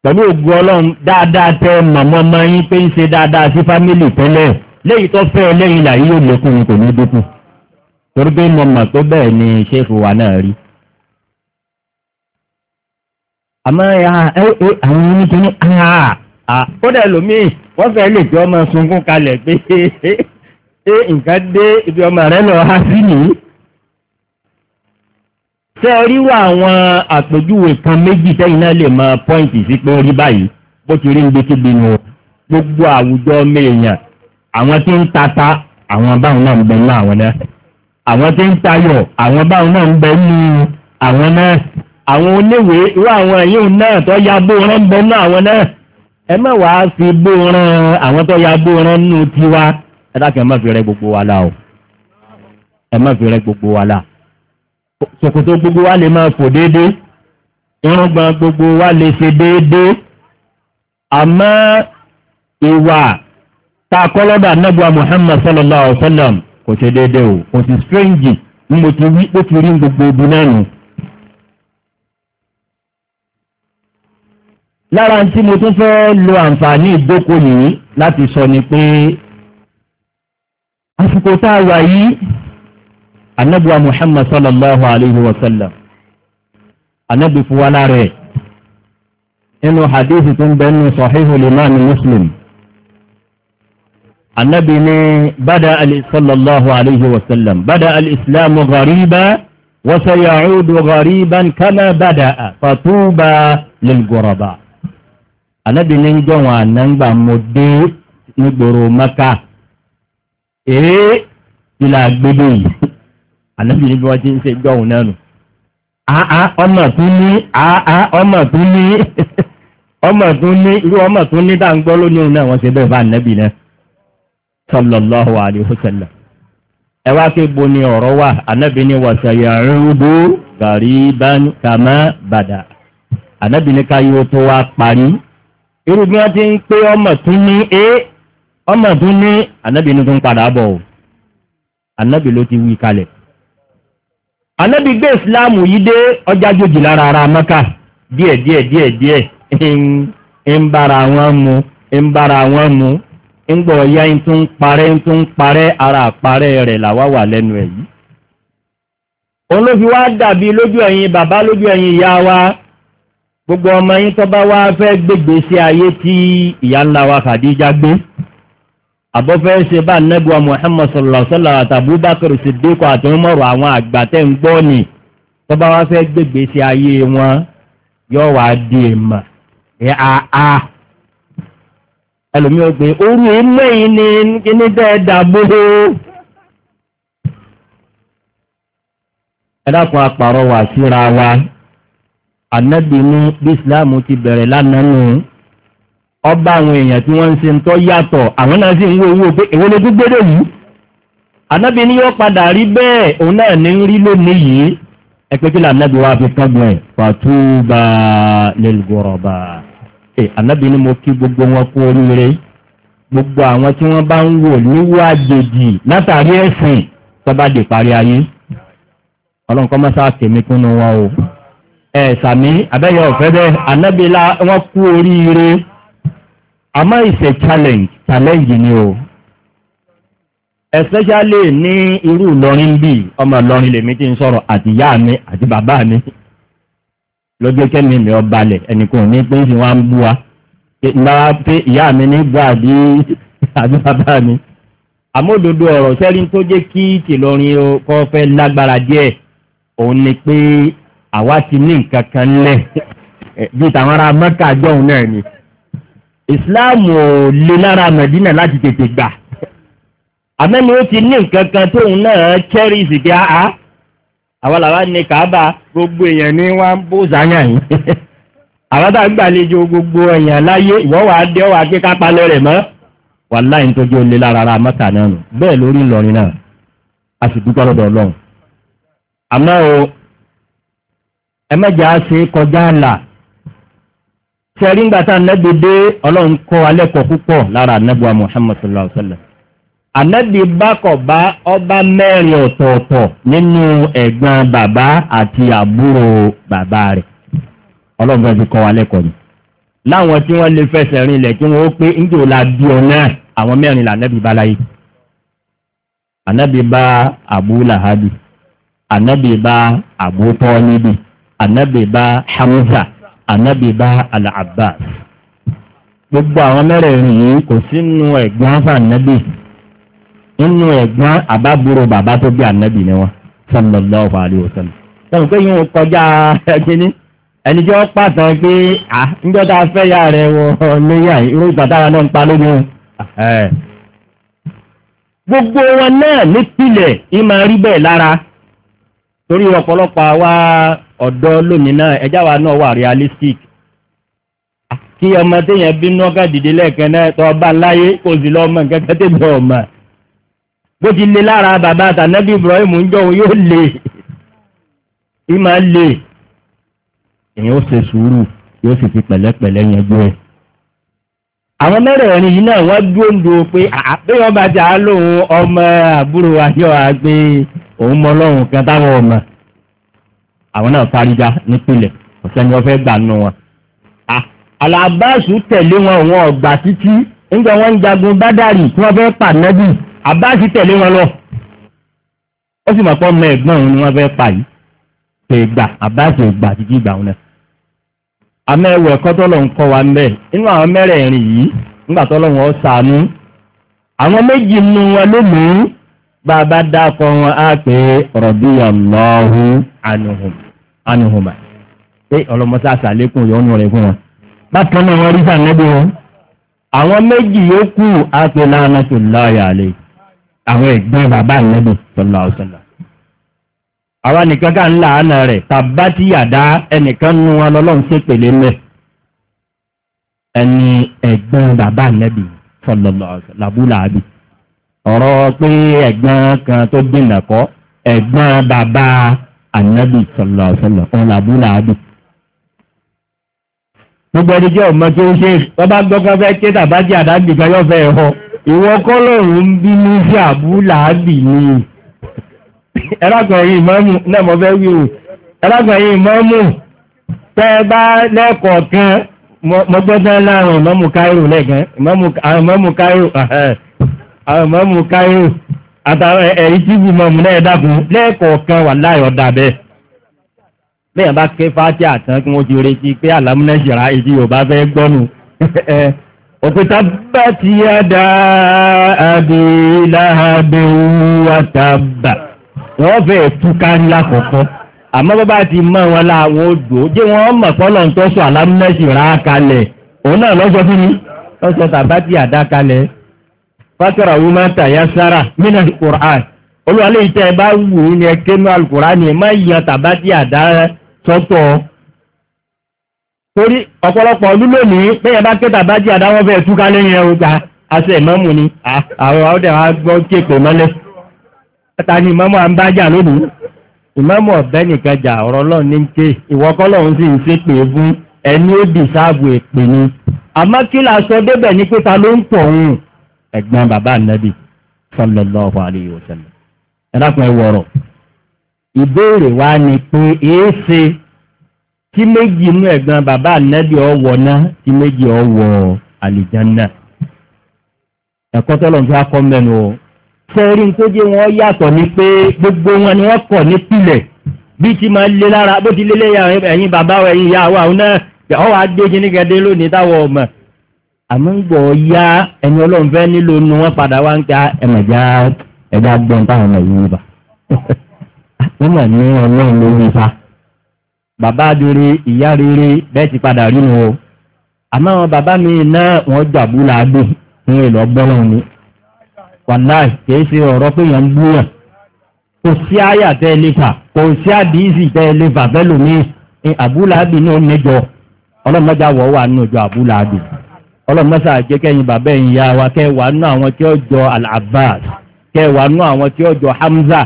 pẹ̀lú ògùn ọlọ́run dáadáa tẹ màmá ọmọ yín pé ń ṣe dáadáa sí fámìlì tẹ́lẹ̀ lẹ́yìn tó fẹ́ lẹ́yìn là yóò lékún ni kò ní dínkù torí pé mo mọ̀ pé bẹ́ẹ̀ ni ṣéèfù wa náà rí. àmọ́ àwọn oníkíní kódà lómii wọ́n fẹ́ lè jọ ọmọ sunkún kalẹ̀ pé ṣé nǹkan dé ibi ọmọ rẹ lọ há sí nìyí. ṣé ẹ ríwọ àwọn àpèjúwe kan méjì sẹ́yìn náà lè mọ pọ́ìntì sí pé ó rí báyìí bó ti rí níbikíbi nù gbogbo àwùjọ ọmọ àwọn tí ń tata àwọn báwọn náà ń bẹ nínú àwọn náà àwọn tí ń tayọ̀ àwọn báwọn náà ń bẹ nínú àwọn náà àwọn oníwèé irú àwọn yìí náà tó ya bóoran ń bẹ nínú àwọn náà ẹ má wàá fi bóoran àwọn tó ya bóoran nínú tiwa ẹ dákẹ́ ẹ má fi rẹ gbogbo wa la o ẹ má fi rẹ gbogbo wa la ṣòkòtò gbogbo wa lè máa fò déédéé irùngbọ̀n gbogbo wa lè ṣe déédéé àmọ́ ìwà tá a kọ́ lọ́dọ̀ anábùwà muhammad sallallahu alayhi wa sallam kò ṣe déédéé o kò sì strange ní mo ti wí ó ti rí gbogbo ibi náà nù. lára tí mo tún fẹ́ lo àǹfààní ìdókò yìí láti sọ ni pé àsìkò tá a wà yìí anábùwà muhammad sallallahu alayhi wa sallam anábì fún nínú hadithi tó ń bẹ́ẹ̀ nù sọ̀híhù lè muslim annabi ni bada alisallallahu alayhi wa sallam bada alislamu ghariba wa sayaudu ghariban kama bada fatuba lilguraba annabi ni jọ̀wọ́n anagba mo dé nígboro maka ee ìlà gbede yìí annabi ni bí wọn ti ń ṣe jọ̀wọ́n náà nù àá ọmọ tún ní àá ọmọ tún ní ọmọ tún ní irú ọmọ tún ní dáńgbọ́ lónìí òun náà wọ́n ṣe bẹ́ẹ̀ bá annabi náà. sallallahu alayhi wa sallam. ẹ bo ni ọ̀rọ̀ wà anábì ni gàríban kàmá bàdà anábì ni káyọ̀ tó parí ń pé ọmọ tún ní é ọmọ tún ní anábì ni padà bọ̀ anábì ló ti wí kalẹ̀ anábì gbé yìí dé ọjà jòjì lára ara mẹ́ka díẹ̀ díẹ̀ díẹ̀ díẹ̀ ń bára wọn mu ń bára wọn mu. ńgbọ̀ ya ń tún parẹ́ ń tún parẹ́ ara àparẹ́ rẹ̀ làwá wà lẹ́nu ẹ̀ yìí òun ló fi wá dàbí lójú ẹ̀yin bàbá lójú ẹ̀yin ìyá wa gbogbo ọmọ yín tó bá wá fẹ́ gbègbè sí ayé tí ìyá ńlá wa Khadija gbé àbọ̀fẹ́ ṣe bá nẹ́gbọ́ Muhammad sallallahu alaihi wasallam àtàbúbákẹ́rù Siddiq àti Umaru àwọn àgbà tẹ́ ń gbọ́ ni tó bá wá fẹ́ gbègbè sí ayé wọn yóò wá di èèmọ̀ ẹ̀ àá ẹlòmí ó gbé orú ilé yìí ni kíní tẹ́ dàgbò ẹ̀dàkùn àpàrọ̀ wà síra wa ànábì ní bí ìsìláàmù ti bẹ̀rẹ̀ lánàá nù ọba àwọn èèyàn tí wọ́n ń se ń tọ́ yàtọ̀ àwọn náà sì ń wo owó pé èwo ló tún gbédè yìí ànábì ní yóò padà rí bẹ́ẹ̀ òun náà ní rí lónìí yìí ẹ pé kí làǹdàbí wa fi kángun ẹ̀ fàtúbà lil ghuraba. anabi eh, ni mo kí gbogbo wọn kú oríire gbogbo àwọn tí wọ́n bá ń wò níwò àjèjì látàrí ẹ̀sìn tó bá parí ayé ọlọ́nkọ́ mọ́sá tèmi wọn o ẹ̀ sàmí abẹ́yẹ ọ̀fẹ́ bẹ́ẹ̀ la la wọ́n kú oríire àmọ́ ìṣe challenge challenge ni o especially ní irú ìlọrin bíi ọmọ ìlọrin lèmi ti ń sọ̀rọ̀ àti ìyá mi àti bàbá lọ́jọ́ kẹ́mi mi ọ balẹ̀ ẹnìkan ní pé ń fi wá ń bú wa ìgbà pé ìyá mi ní gbà bí [LAUGHS] àbí bàbá mi. àmódodo ọ̀rọ̀ sẹ́rin tó jẹ́ kí tìlọrin kọ́ fẹ́ lágbára díẹ̀ òun ni pé àwa ti ní nǹkan kan lẹ̀ bí tàwọn ará mẹ́ka jọ̀hún náà ni. ìsìláàmù ò le lára mẹ̀dínà láti tètè gbà. àmẹ́ni ó ti ní nǹkan kan tóun náà chẹ́rìsì kí á àwọn làwa ní kàábà gbogbo èèyàn ní wọn bó zanyàn yìí [LAUGHS] àwọn tá a gbàlejò gbogbo èèyàn láyé ìwọ́ wàá dé wàá gbé ká palẹ̀ rẹ̀ mọ́ wàláì nítorí ó lé lára ara mọ́ta náà nù bẹ́ẹ̀ lórí ìlọrin náà a sì dúpẹ́ lọ́dọ̀ ọlọ́run àmọ́ o ẹ mẹ́jọ á ṣe kọjá àlà sẹ́rí ńgbà tá a nẹ́gbẹ̀dẹ́ ọlọ́run kọ́ alẹ́kọ̀ọ́ púpọ̀ lára anábùwà muhammadu sallallahu alayhi wa sallam ànábì bákọ̀bá ọba mẹ́rin ọ̀tọ̀ọ̀tọ̀ nínú ẹ̀gbọ́n bàbá àti àbúrò bàbá rẹ̀ ọlọ́gbọ́n ti kọ́ wa lẹ́kọ̀ọ́ ni láwọn tí wọ́n lè fẹsẹ̀ rinlẹ̀ tí wọ́n ó pé ń jò la bí ọ náà àwọn mẹ́rin là ànábì bá láyé ànábì bá àbú ànábì bá àbú ànábì bá hamza ànábì bá al-abbas gbogbo àwọn mẹ́rẹ̀ẹ̀rin yìí kò sínú ẹ̀gbọ́n fún ànábì nínú ẹ̀gbọ́n àbábúrò bàbá tó bí ànábì ni wọn sallallahu alaihi wasallam. sọ̀rọ̀ pé yín kọjá ẹni ẹni tí wọ́n pàtàn pé à níjọ́ a fẹ́ yà rẹ̀ wọ lóyà irú náà ń pa gbogbo wọn náà nípìnlẹ̀ yín máa rí bẹ́ẹ̀ lára torí ọ̀pọ̀lọpọ̀ àwa ọ̀dọ́ lónìí náà wa náà wà realistic kí ọmọ téèyàn bínú ọkàn dìde lẹ́ẹ̀kan náà tọ́ ọba kò sí nǹkan kẹ́tẹ́ bí bó ti lè lára bàbá àtànẹ́bí Ibrahim ń jọun yóò lè ìmọ̀ lè èyàn ó ṣe sùúrù yóò sì fi pẹ̀lẹ́pẹ̀lẹ́ yanjú ẹ̀. àwọn mẹ́rẹ̀ẹ̀rin yìí náà wọ́n dúró ń do pé àbẹ́yọ́ bá ti á lóun ọmọ àbúrò àjọ àgbé òun mọ ọlọ́run kan táwọn ọmọ àwọn náà fárígá nípìnlẹ̀ ọ̀sẹ̀ ni wọ́n fẹ́ gbà nù wọn. alábàásù tẹ̀lé wọn òun ọ̀gbà títí nígbà wọn ń jagun bádàrí tí wọ́n fẹ́ pàdánù àbáàsì tẹ̀lé wọn lọ ó sì mọ̀ pé ọmọ ẹ̀gbọ́n òun ni wọ́n fẹ́ pa yìí pé gbà àbáàsì títí ìgbà òun náà àmọ́ ẹ̀wọ̀ ẹ̀kọ́ tọ́lọ̀ ń kọ́ wa ń bẹ̀ inú àwọn mẹ́rẹ̀ẹ̀rin yìí nígbà sànú àwọn méjì nu wọn lónìí bá a bá wọn á pé pé ọlọ́mọsá rẹ̀ fún wọn àwọn ẹ̀gbọ́n bàbá ànábì sallallahu alaihi wasallam àwa nìkan ká ń là ánà rẹ̀ tàbá tí yàdá ẹnìkan nu wọn lọ́lọ́run ṣe pèlè mẹ́ ẹni ẹ̀gbọ́n bàbá ànábì sallallahu alaihi wasallam làbúlà àbí ọ̀rọ̀ pé ẹ̀gbọ́n kan tó dènà kọ́ ẹ̀gbọ́n bàbá ànábì sallallahu alaihi wasallam ọ̀n làbúlà gbogbo ẹni jẹ́ ọmọ tó ń ṣe wọ́n bá gbọ́ kan fẹ́ ké tàbá tí yàdá gbìkan yóò ìwọ kọ́lọ̀rún ń bínú sí àbúlàábì ni ẹlágbọ̀nrin ìmọ́mù náà mọ́ fẹ́ wíwò ẹlágbọ̀nrin ìmọ́mù tẹ́ bá lẹ́kọ̀ọ̀kan mọ́gbọ́dán láàrin ìmọ́mù káírò lẹ́gàn ìmọ́mù káírò ìmọ́mù káírò àtàwọn ẹ̀rí tí bí mọ́mù náà dàbùn lẹ́kọ̀ọ̀kan wà láyọ̀ dàbẹ́ bẹ́ẹ̀ bá ké fáti àtàn kí wọ́n ti retí pé àlámúnẹ́sìrá ìdí yorùbá fẹ́ gbọ́nù [LAUGHS] òpètàbàtì yàdá àbí láhàbẹ̀ wàtàbà wọ́n fẹ́ túká ńlá kọ̀ọ̀kan àmọ́ bàbá ti mọ̀ wọn láwọn odò jẹ́ wọ́n mọ̀ pọ́lọ̀ ń tọ́sọ náà fún mi tàbátì sára alukur'an olùwàlẹ̀ ẹ bá wù ní ẹ kéwìn alukur'an torí ọ̀pọ̀lọpọ̀ ọdún lónìí bẹ́yẹn bá kẹta bá jí àdáwọ́ bẹ́ẹ̀ túká lẹ́yìn ẹ̀rọ gba aṣẹ ìmọ̀mù ni àwọn ọ̀dẹ̀ wa gbọ́ kéèpè mọ́lẹ̀ ta ni ìmọ̀mù à ń bá jà lónìí ìmọ̀mù ọ̀bẹ nìkan jà ọ̀rọ̀ lọ́ọ̀ ní ké ìwọ́kọ́ lọ́hún sì ń ṣe pé fún ẹni ó dì sáàbù èpè ni àmọ́ kí la sọ débẹ̀ ní pípa ló ń pọ̀ òun ẹ̀gbọ́n bàbá ànábì sallallahu alaihi wasallam ìbéèrè wa ni pé èé ṣe tí méjì inú ẹ̀gbọ́n bàbá ànẹ́bí ọwọ́ náà tí méjì ọwọ́ àlìjánná ẹ̀kọ́ tọ́lọ̀ fi akọ́ mẹ́nu o sẹ́rí ń kójú wọn yàtọ̀ ni pé gbogbo wọn ni wọ́n kọ̀ ní pilẹ̀ bí ti máa lé lára bó ti lélẹ̀ ẹ̀yin bàbá ẹ̀yin ìyá wa òun náà ọ̀ wá gbé kíní gẹ́gẹ́ lónìí táwọn ọmọ àmọ́ ń gbọ́ ya ẹni ọlọ́run fẹ́ nílò nu wọn padà wá ń ta ẹ̀mẹ̀já ẹ̀dá gbọ́n táwọn ọmọ yìí bá [LAUGHS] wọ́n mọ̀ ní ọlọ́run ló wí fa bàbá rere ìyá rere bẹ́ẹ̀ ti padà rí wọn o àmọ́ àwọn bàbá mi náà wọ́n jàbú làádùn ní ìlọ gbọ́ràn ni wàláì kìí ṣe ọ̀rọ̀ pé yẹn ń gbúyàn kò sí àyà tẹ́ ẹ lè fà kò sí àdìsí tẹ́ ẹ lè fà bẹ́ẹ̀ lómi ní àbúlàábì náà níjọ ọlọ́mọdé àwọ̀ wà nínú ìjọ àbúlàábì ọlọ́mọsà jẹ́kẹ́yìn bàbá ẹ̀yìn ya wa kẹ́ wà nínú àwọn tí ó jọ al kẹ́ wà nínú àwọn tí ó jọ hamza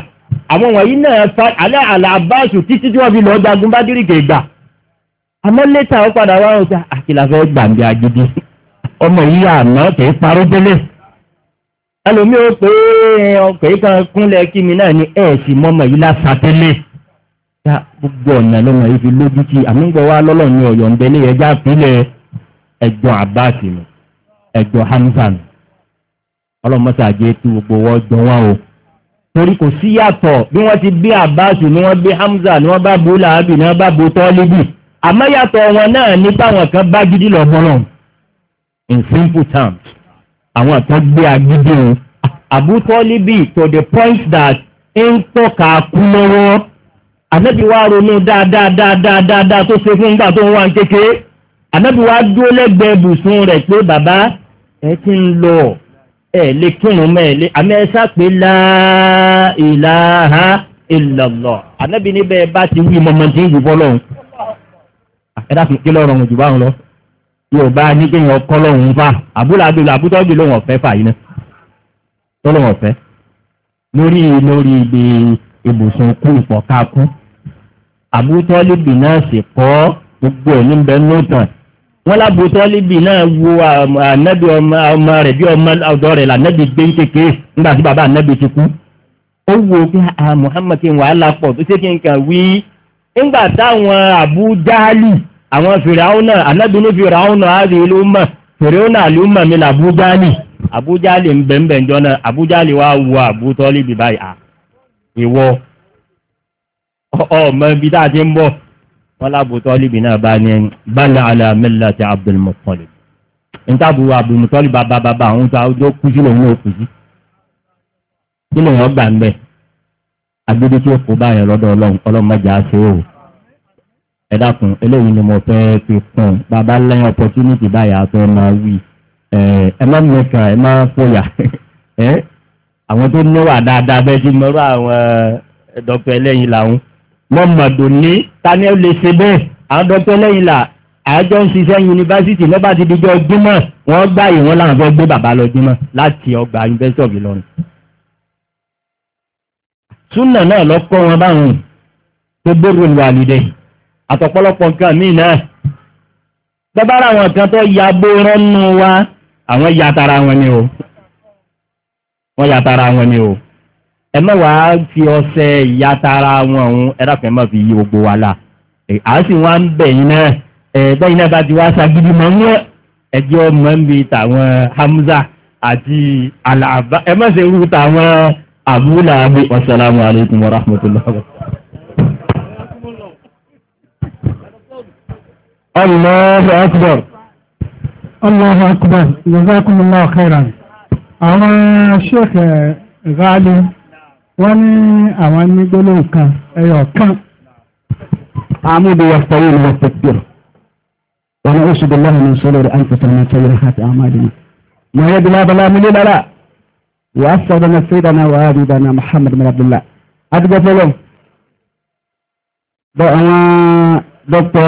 àwọn wọ̀nyí náà fa alẹ́ àlà àbáṣù títí tí wọ́n fi lọ́ọ́ jagun bá dírìkì ìgbà àmọ́ lẹ́tà ó padà wá ọ̀sẹ̀ àkìlàfẹ́ ah, gbàǹdì ọmọ yìí àná kìí parọ́ délé ẹlòmí ó pé eh, ọkọ̀ yìí kan kúnlẹ̀ kí mi náà ni mọ́mọ́ yìí lásà tẹ́lẹ̀ ya gbogbo ọ̀nà lọ́mọ yìí fi lójú kí wa torí kò sí yàtọ̀ bí wọ́n ti bí àbáṣù ni wọ́n bí hamza ni wọ́n bá bo làábì ni wọ́n bá bo tọ́líbù àmọ́ yàtọ̀ wọn náà ní báwọn kan bá gidi lọ bọ́lọ̀ in simple terms àwọn kan gbé agídí o àbútọ́líbì to the point that ń tọ́ka kú lọ́wọ́ ànábì wa ronú dáadáa dáadáa dáadáa tó ṣe fún nígbà tó ń wá kékeré ànábì wa dúró lẹ́gbẹ̀ẹ́ ibùsùn rẹ̀ pé bàbá ẹ ti ń lọ ẹ̀ lè kírun mẹ́ ẹ̀ lé àmì ẹ sápé láìláha ìlọ̀lọ̀ ànábì níbẹ̀ bá ti wí mọ́mọ́ tí ń wù fọ́lọ́hún ẹ dákun kí lọ́rọ̀ ọ̀hún jù báwọn lọ yóò bá ní kí wọn kọ́ lọ́hún fà àbúrò àgbèlò àbútọ́jú lóhùn ọ̀fẹ́ fà yìí náà lọ́lọ́hún ọ̀fẹ́ lórí lórí ibi ibùsùn kú ìpọ̀ká kú àbútọ́líbì náà sì kọ́ gbogbo ẹ̀ níbẹ̀ wọ́n lábòótọ́ líbi náà wo ànábì ọmọ rẹ̀ bí ọmọ ọ̀dọ́ rẹ̀ lànábì gbé ń kékeré nígbà tí bàbá ànábì ti kú ó wo pé a muhammad kí n wàhálà pọ̀ tó ṣe kí n kàn wí nígbà táwọn àbújáàlì àwọn fìràwọ́nà ànábì ní fìràwọ́nà àrí ìlú mọ̀ fìràwọ́nà àlú mọ̀ mi là àbújáàlì àbújáàlì ń bẹ̀ ń bẹ̀ jọ náà àbújáàlì wa wo àbútọ́ líbi báyìí à ìwọ ọmọ wọn lábò tọ́líbì náà bá ní ẹni bala ala millati Abdul Muttalib ntàbù Abdul Muttalib bàbá bàbá àwọn tó àwùjọ kú sí lòun ò kú sí kí lòun ọgbà ń bẹ agbede tí ó kó báyẹn lọ́dọ̀ Ọlọ́run Ọlọ́run mẹ́jọ á ṣe o ẹ dákun eléyìí ni mo fẹ́ fi kún bàbá lẹ́yìn opportunity báyà fẹ́ máa wí ẹ má mẹ́ka ẹ má fòyà [LAUGHS] àwọn tó níwà dáadáa bẹ́ẹ̀ ti mọ́rọ́ àwọn dọ́kítọ̀ ẹlẹ́yin làwọn mọ́mọ̀dù ní tani ó lè ṣe bẹ́ẹ̀ àwọn dọ́kítọ́ lẹ́yìn là àjọ ń ṣiṣẹ́ yunifásitì lọ́ba ti dijọ́ gbímọ̀ wọ́n gbá ìwọ́n láwọn fẹ́ gbé bàbá lọ gbímọ̀ láti ọgbà yunifásitì ọ̀gbìn lọ́rùn. súnà náà lọ kọ́ wọn báwọn tó gbóró lu àlùdẹ àtọ̀pọ̀lọpọ̀ nǹkan míì náà gbọ́bára àwọn kan tó ya bó rọ́nù wa àwọn ya tara wọn ni o wọ́n ya tara wọn ni o ẹ má wàá fi ọsẹ ìyá tara wọn ọ̀hún ẹ dàpọ̀ ẹ má fi yí gbogbo wa la à á sì wá ń bẹ̀ yín náà ẹ bẹ́yìn náà bá ti wá ṣagídí mọ́ ń wọ́n ẹjẹ́ ọmọ ń bi tàwọn Hamza àti Alaba ẹ má ṣe rú tàwọn àbúlà àbí wasalaamu alaykum wa rahmatulah. Allahu akbar. Allahu akbar. Jazakumullahu khairan. Àwọn ṣèkè Ghali. wọ́n ní àwọn nígbóló nǹkan ẹyọ kan àmúdó wàtàrí ní wàtàkìr wọn ó ṣe dọ́lọ́rọ̀ ní sọ́lọ́ rẹ̀ àǹtí sọ́lọ́ náà tẹ́yẹrẹ àti àmàdìní wọ́n yẹ́ dìlá bala mílé lára wà á sọ́dọ̀ na sí dáná wà á rí dáná Muhammad bin Abdullah adigun fọlọ́ bọ́ àwọn dọ́kítọ̀